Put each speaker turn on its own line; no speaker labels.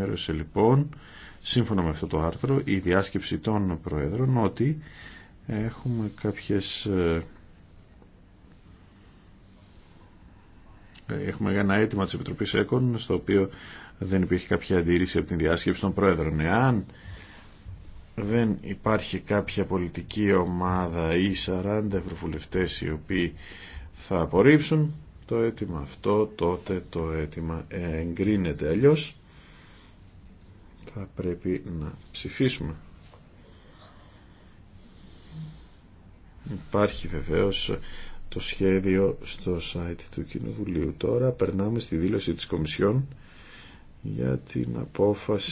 ενημέρωσε λοιπόν, σύμφωνα με αυτό το άρθρο, η διάσκεψη των Προέδρων ότι έχουμε κάποιες... Ε, έχουμε ένα αίτημα της Επιτροπής ΕΚΟΝ, στο οποίο δεν υπήρχε κάποια αντίρρηση από την διάσκεψη των Προέδρων. Εάν δεν υπάρχει κάποια πολιτική ομάδα ή 40 ευρωβουλευτές οι οποίοι θα απορρίψουν το αίτημα αυτό, τότε το αίτημα εγκρίνεται. Αλλιώς θα πρέπει να ψηφίσουμε. Υπάρχει βεβαίως το σχέδιο στο site του Κοινοβουλίου. Τώρα περνάμε στη δήλωση της Κομισιόν για
την απόφαση